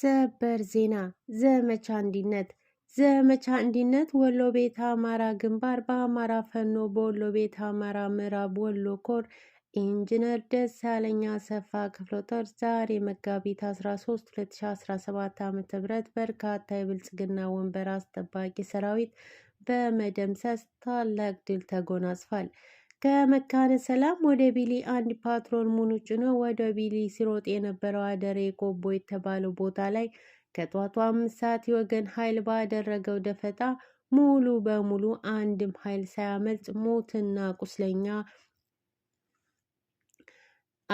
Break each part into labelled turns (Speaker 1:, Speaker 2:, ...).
Speaker 1: ሰበር ዜና ዘመቻ አንድነት ዘመቻ አንድነት ወሎ ቤተ አማራ ግንባር በአማራ ፈኖ በወሎ ቤተ አማራ ምዕራብ ወሎ ኮር ኢንጂነር ደሳለኝ አሰፋ ክፍለ ጦር ዛሬ መጋቢት 13 2017 ም በርካታ የብልጽግና ወንበር አስጠባቂ ሰራዊት በመደምሰስ ታላቅ ድል ተጎናጽፏል። ከመካነ ሰላም ወደ ቢሊ አንድ ፓትሮን ሙሉ ጭኖ ወደ ቢሊ ሲሮጥ የነበረው አደሬ ቆቦ የተባለው ቦታ ላይ ከጧቱ አምስት ሰዓት የወገን ኃይል ባደረገው ደፈጣ ሙሉ በሙሉ አንድም ኃይል ሳያመልጥ ሞትና ቁስለኛ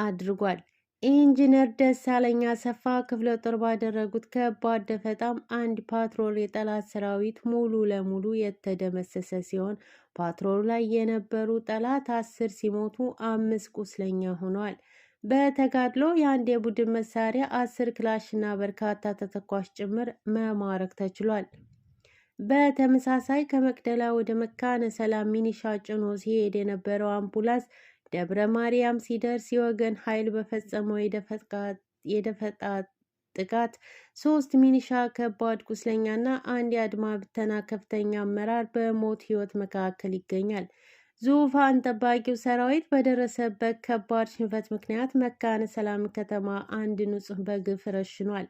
Speaker 1: አድርጓል። ኢንጂነር ደሳለኝ አሰፋ ክፍለ ጦር ባደረጉት ከባድ ደፈጣም አንድ ፓትሮል የጠላት ሰራዊት ሙሉ ለሙሉ የተደመሰሰ ሲሆን ፓትሮሉ ላይ የነበሩ ጠላት አስር ሲሞቱ አምስት ቁስለኛ ሆኗል። በተጋድሎ የአንድ የቡድን መሳሪያ አስር እና በርካታ ተተኳሽ ጭምር መማረክ ተችሏል። በተመሳሳይ ከመቅደላ ወደ መካነ ሰላም ሚኒሻ ጭኖ ሲሄድ የነበረው አምቡላንስ ደብረ ማርያም ሲደርስ የወገን ኃይል በፈጸመው የደፈጣ ጥቃት ሶስት ሚኒሻ ከባድ ቁስለኛና አንድ የአድማ ብተና ከፍተኛ አመራር በሞት ህይወት መካከል ይገኛል። ዙፋን ጠባቂው ሰራዊት በደረሰበት ከባድ ሽንፈት ምክንያት መካነ ሰላም ከተማ አንድ ንጹህ በግፍ ረሽኗል።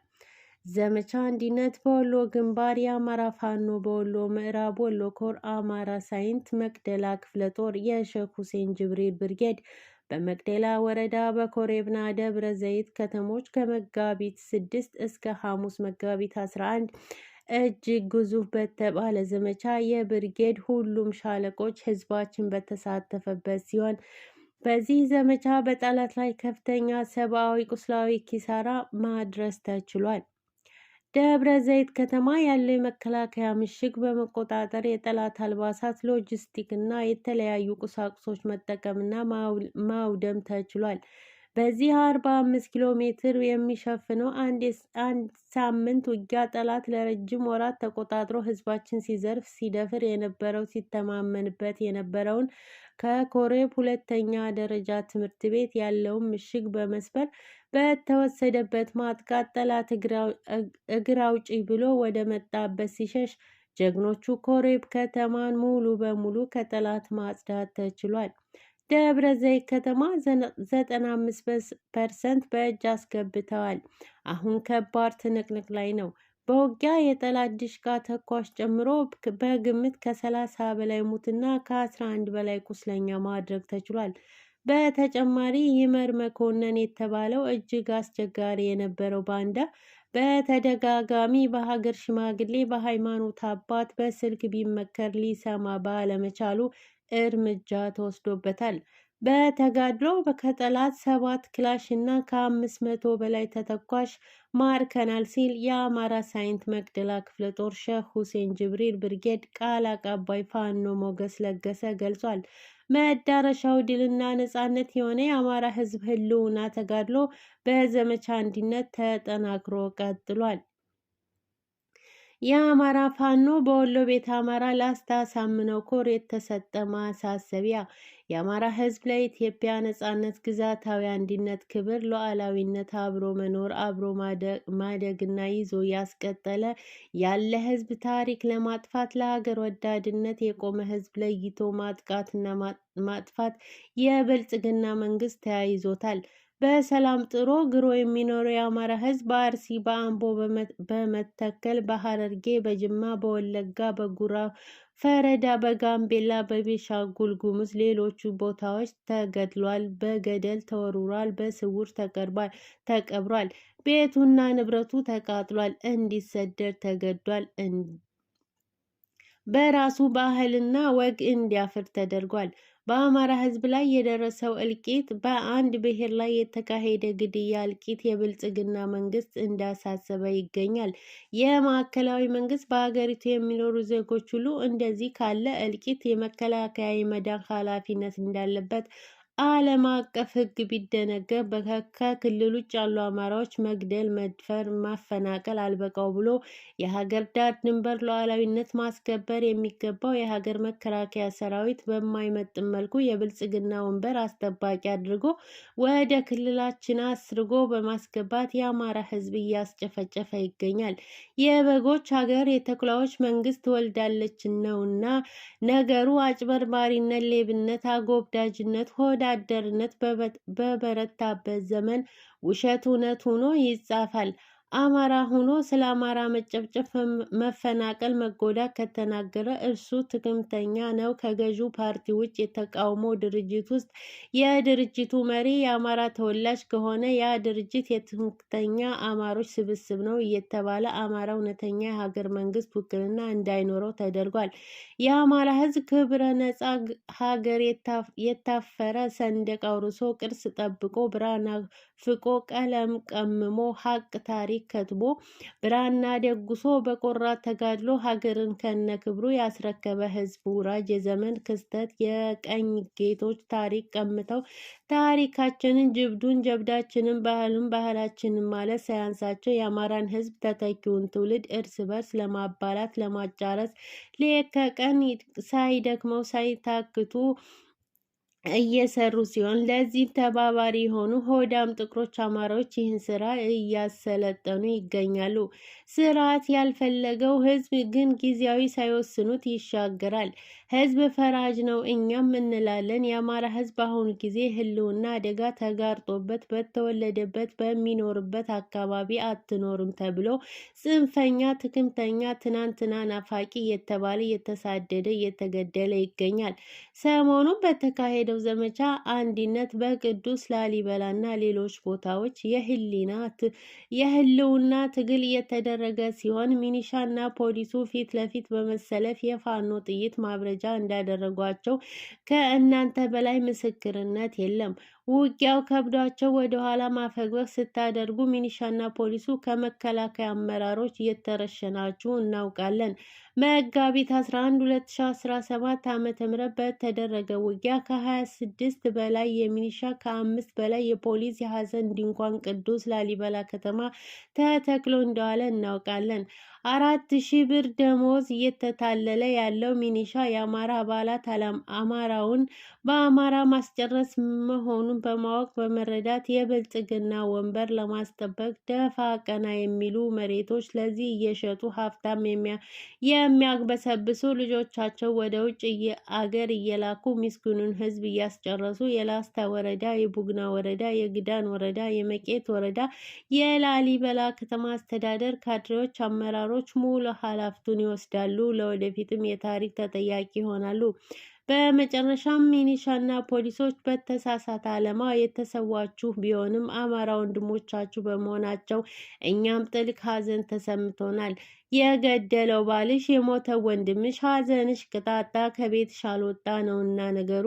Speaker 1: ዘመቻ አንድነት በወሎ ግንባር የአማራ ፋኖ በወሎ ምዕራብ ወሎ ኮር አማራ ሳይንት መቅደላ ክፍለ ጦር የሼክ ሁሴን ጅብሪል ብርጌድ በመቅደላ ወረዳ በኮሬብና ደብረ ዘይት ከተሞች ከመጋቢት 6 እስከ ሐሙስ መጋቢት 11 እጅግ ግዙፍ በተባለ ዘመቻ የብርጌድ ሁሉም ሻለቆች ህዝባችን በተሳተፈበት ሲሆን በዚህ ዘመቻ በጠላት ላይ ከፍተኛ ሰብአዊ፣ ቁስላዊ ኪሳራ ማድረስ ተችሏል። ደብረ ዘይት ከተማ ያለው የመከላከያ ምሽግ በመቆጣጠር የጠላት አልባሳት፣ ሎጂስቲክ እና የተለያዩ ቁሳቁሶች መጠቀምና ማውደም ተችሏል። በዚህ 45 ኪሎ ሜትር የሚሸፍነው አንድ ሳምንት ውጊያ ጠላት ለረጅም ወራት ተቆጣጥሮ ህዝባችን ሲዘርፍ ሲደፍር የነበረው ሲተማመንበት የነበረውን ከኮሬብ ሁለተኛ ደረጃ ትምህርት ቤት ያለውን ምሽግ በመስበር በተወሰደበት ማጥቃት ጠላት እግር አውጪ ብሎ ወደ መጣበት ሲሸሽ ጀግኖቹ ኮሬብ ከተማን ሙሉ በሙሉ ከጠላት ማጽዳት ተችሏል። ደብረ ዘይት ከተማ 95 ፐርሰንት በእጅ አስገብተዋል። አሁን ከባድ ትንቅንቅ ላይ ነው። በውጊያ የጠላት ዲሽቃ ተኳሽ ጨምሮ በግምት ከ30 በላይ ሙትና ከ11 በላይ ቁስለኛ ማድረግ ተችሏል። በተጨማሪ ይመር መኮንን የተባለው እጅግ አስቸጋሪ የነበረው ባንዳ በተደጋጋሚ በሀገር ሽማግሌ፣ በሃይማኖት አባት በስልክ ቢመከር ሊሰማ ባለመቻሉ እርምጃ ተወስዶበታል። በተጋድሎ ከጠላት ሰባት ክላሽ እና ከአምስት መቶ በላይ ተተኳሽ ማርከናል ሲል የአማራ ሳይንት መቅደላ ክፍለ ጦር ሸህ ሁሴን ጅብሪል ብርጌድ ቃል አቀባይ ፋኖ ሞገስ ለገሰ ገልጿል። መዳረሻው ድልና ነጻነት የሆነ የአማራ ሕዝብ ህልውና ተጋድሎ በዘመቻ አንድነት ተጠናክሮ ቀጥሏል። የአማራ ፋኖ በወሎ ቤት አማራ ላስታ ሳምነው ኮር የተሰጠ ማሳሰቢያ የአማራ ሕዝብ ለኢትዮጵያ ነጻነት፣ ግዛታዊ አንድነት፣ ክብር፣ ሉዓላዊነት፣ አብሮ መኖር፣ አብሮ ማደግና ይዞ ያስቀጠለ ያለ ሕዝብ ታሪክ ለማጥፋት ለሀገር ወዳድነት የቆመ ሕዝብ ለይቶ ማጥቃትና ማጥፋት የብልጽግና መንግስት ተያይዞታል። በሰላም ጥሮ ግሮ የሚኖረው የአማራ ሕዝብ በአርሲ፣ በአምቦ፣ በመተከል፣ በሐረርጌ፣ በጅማ፣ በወለጋ፣ በጉራ ፈረዳ፣ በጋምቤላ፣ በቤሻንጉል ጉሙዝ ሌሎቹ ቦታዎች ተገድሏል፣ በገደል ተወርሯል በስውር ተቀብሯል፣ ቤቱና ንብረቱ ተቃጥሏል፣ እንዲሰደድ ተገዷል፣ በራሱ ባህልና ወግ እንዲያፍር ተደርጓል። በአማራ ህዝብ ላይ የደረሰው እልቂት፣ በአንድ ብሔር ላይ የተካሄደ ግድያ እልቂት የብልጽግና መንግስት እንዳሳሰበ ይገኛል። የማዕከላዊ መንግስት በሀገሪቱ የሚኖሩ ዜጎች ሁሉ እንደዚህ ካለ እልቂት የመከላከያ የመዳን ኃላፊነት እንዳለበት ዓለም አቀፍ ሕግ ቢደነገግ ከክልል ውጭ ያሉ አማራዎች መግደል፣ መድፈር፣ ማፈናቀል አልበቃው ብሎ የሀገር ዳር ድንበር ሉዓላዊነት ማስከበር የሚገባው የሀገር መከላከያ ሰራዊት በማይመጥን መልኩ የብልጽግና ወንበር አስጠባቂ አድርጎ ወደ ክልላችን አስርጎ በማስገባት የአማራ ሕዝብ እያስጨፈጨፈ ይገኛል። የበጎች ሀገር የተኩላዎች መንግስት ወልዳለች ነውና ነገሩ አጭበርባሪነት፣ ሌብነት፣ አጎብዳጅነት ሆደ ወዳደርነት በበረታበት ዘመን ውሸት እውነት ሆኖ ይጻፋል። አማራ ሆኖ ስለ አማራ መጨፍጨፍ፣ መፈናቀል፣ መጎዳት ከተናገረ እርሱ ትክምተኛ ነው። ከገዢው ፓርቲ ውጭ የተቃውሞ ድርጅት ውስጥ የድርጅቱ መሪ የአማራ ተወላጅ ከሆነ ያ ድርጅት የትምክህተኛ አማሮች ስብስብ ነው እየተባለ አማራ እውነተኛ የሀገር መንግስት ውክልና እንዳይኖረው ተደርጓል። የአማራ ሕዝብ ክብረ ነጻ ሀገር የታፈረ ሰንደቅ አውርሶ ቅርስ ጠብቆ ብራና ፍቆ ቀለም ቀምሞ ሀቅ ታሪክ ከትቦ ብራና ደጉሶ በቆራት ተጋድሎ ሀገርን ከነ ክብሩ ያስረከበ ህዝብ ውራጅ የዘመን ክስተት የቀኝ ጌቶች ታሪክ ቀምተው ታሪካችንን ጅብዱን ጀብዳችንን ባህሉን ባህላችንን ማለት ሳያንሳቸው የአማራን ህዝብ ተተኪውን ትውልድ እርስ በርስ ለማባላት ለማጫረስ ሌት ከቀን ሳይደክመው ሳይታክቱ እየሰሩ ሲሆን ለዚህም ተባባሪ የሆኑ ሆዳም ጥቁሮች አማራዎች ይህን ስራ እያሰለጠኑ ይገኛሉ። ስርዓት ያልፈለገው ህዝብ ግን ጊዜያዊ ሳይወስኑት ይሻገራል። ህዝብ ፈራጅ ነው፣ እኛም እንላለን። የአማራ ህዝብ በአሁኑ ጊዜ ህልውና አደጋ ተጋርጦበት በተወለደበት በሚኖርበት አካባቢ አትኖርም ተብሎ ጽንፈኛ፣ ትክምተኛ፣ ትናንትና ናፋቂ እየተባለ እየተሳደደ እየተገደለ ይገኛል። ሰሞኑን በተካሄደ የመደብ ዘመቻ አንድነት በቅዱስ ላሊበላ እና ሌሎች ቦታዎች የህልውና ትግል የተደረገ ሲሆን ሚኒሻና ፖሊሱ ፊት ለፊት በመሰለፍ የፋኖ ጥይት ማብረጃ እንዳደረጓቸው ከእናንተ በላይ ምስክርነት የለም። ውጊያው ከብዷቸው ኋላ ማፈግፈግ ስታደርጉ ሚኒሻና ፖሊሱ ከመከላከያ አመራሮች እየተረሸናችሁ እናውቃለን። መጋቢት 11 2017 ዓ.ም በተደረገ ውጊያ ከ26 በላይ የሚኒሻ ከአምስት በላይ የፖሊስ የሐዘን ድንኳን ቅዱስ ላሊበላ ከተማ ተተክሎ እንደዋለ እናውቃለን። አራት ሺህ ብር ደሞዝ እየተታለለ ያለው ሚኒሻ የአማራ አባላት አማራውን በአማራ ማስጨረስ መሆኑን በማወቅ በመረዳት የብልጽግና ወንበር ለማስጠበቅ ደፋ ቀና የሚሉ መሬቶች ለዚህ እየሸጡ ሀብታም የሚያግበሰብሱ ልጆቻቸው ወደ ውጭ አገር እየላኩ ምስኪኑን ህዝብ እያስጨረሱ የላስታ ወረዳ፣ የቡግና ወረዳ፣ የግዳን ወረዳ፣ የመቄት ወረዳ፣ የላሊበላ ከተማ አስተዳደር ካድሬዎች አመራሩ አመራሮች ሙሉ ኃላፊነቱን ይወስዳሉ፣ ለወደፊትም የታሪክ ተጠያቂ ይሆናሉ። በመጨረሻም ሚኒሻና ፖሊሶች በተሳሳተ ዓላማ የተሰዋችሁ ቢሆንም አማራ ወንድሞቻችሁ በመሆናቸው እኛም ጥልቅ ሐዘን ተሰምቶናል። የገደለው ባልሽ፣ የሞተው ወንድምሽ፣ ሐዘንሽ ቅጣጣ ከቤትሽ አልወጣ ነውና ነገሩ።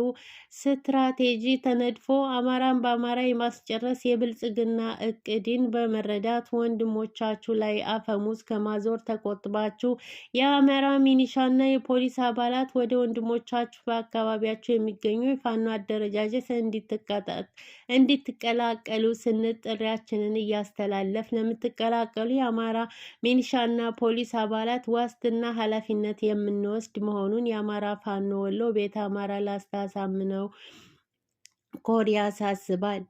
Speaker 1: ስትራቴጂ ተነድፎ አማራን በአማራ የማስጨረስ የብልጽግና እቅድን በመረዳት ወንድሞቻችሁ ላይ አፈሙዝ ከማዞር ተቆጥባችሁ የአማራ ሚኒሻና የፖሊስ አባላት ወደ ወንድሞቻችሁ በአካባቢያችሁ የሚገኙ የፋኖ አደረጃጀት እንዲትቀላቀሉ ስንል ጥሪያችንን እያስተላለፍ ለምትቀላቀሉ የአማራ ሚኒሻና ፖሊስ የፖሊስ አባላት ዋስትና ኃላፊነት የምንወስድ መሆኑን የአማራ ፋኖ ወሎ ቤተ አማራ ላስታሳምነው ኮድ ያሳስባል።